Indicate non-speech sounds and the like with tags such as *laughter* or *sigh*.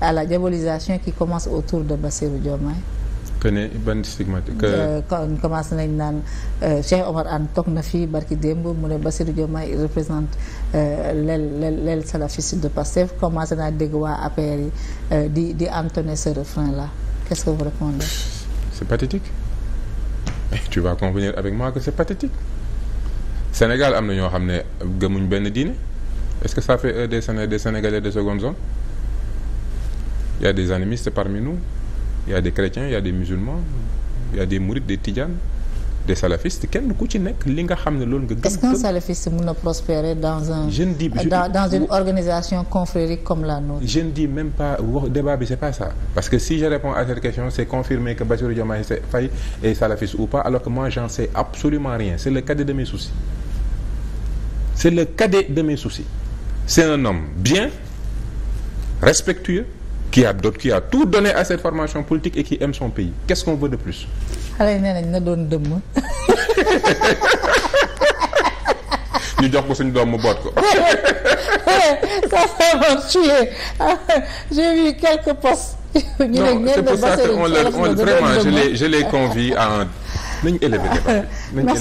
à la diabolisation qui commence autour de Bassirou Diomaye que ne ban stigmatique euh, commencé nañ naan euh, Cheikh Omar Anne toog na fii barki démb mu ne Bassirou Diomaye il représente euh, l'aile l'aile l'aile salafiste de Pastef commencé naa dégg waa APR yi di di entonner ce la là qu'est-ce que vous répondez c'est pathétique mais tu vas convenir Sénégal am na ñoo xam ne gëmuñ benn diine Est-ce que ça des Sénégalais de seconde zone Il y a des animistes parmi nous, il y des chrétiens, il y des musulmans, il des mourides, des tidianes, des salafistes. Kenn ku ci nekk li nga xam ne loolu nga gëm. Est-ce qu'un salafiste mën na prospérer dans un je ne dis, je dans, dans une organisation confrérique comme la nôtre Je ne dis même pas wax débat bi c'est pas ça parce que si je réponds à cette question c'est confirmer que Bassirou Diomaye Faye est salafiste ou pas alors que moi le cadet de mes c'est un homme bien respectueux qui a d'autres qui a tout donné à cette formation politique et qui aime son pays qu'est-ce qu'on veut de plus. xale yi nee nañ na doon dëmm. *laughs* ñu jox ko *laughs* *laughs* j'ai vu quelques postes. ñu ne ngeen c'est pour ça que on le vraiment je les je à un nañu élever débat nañu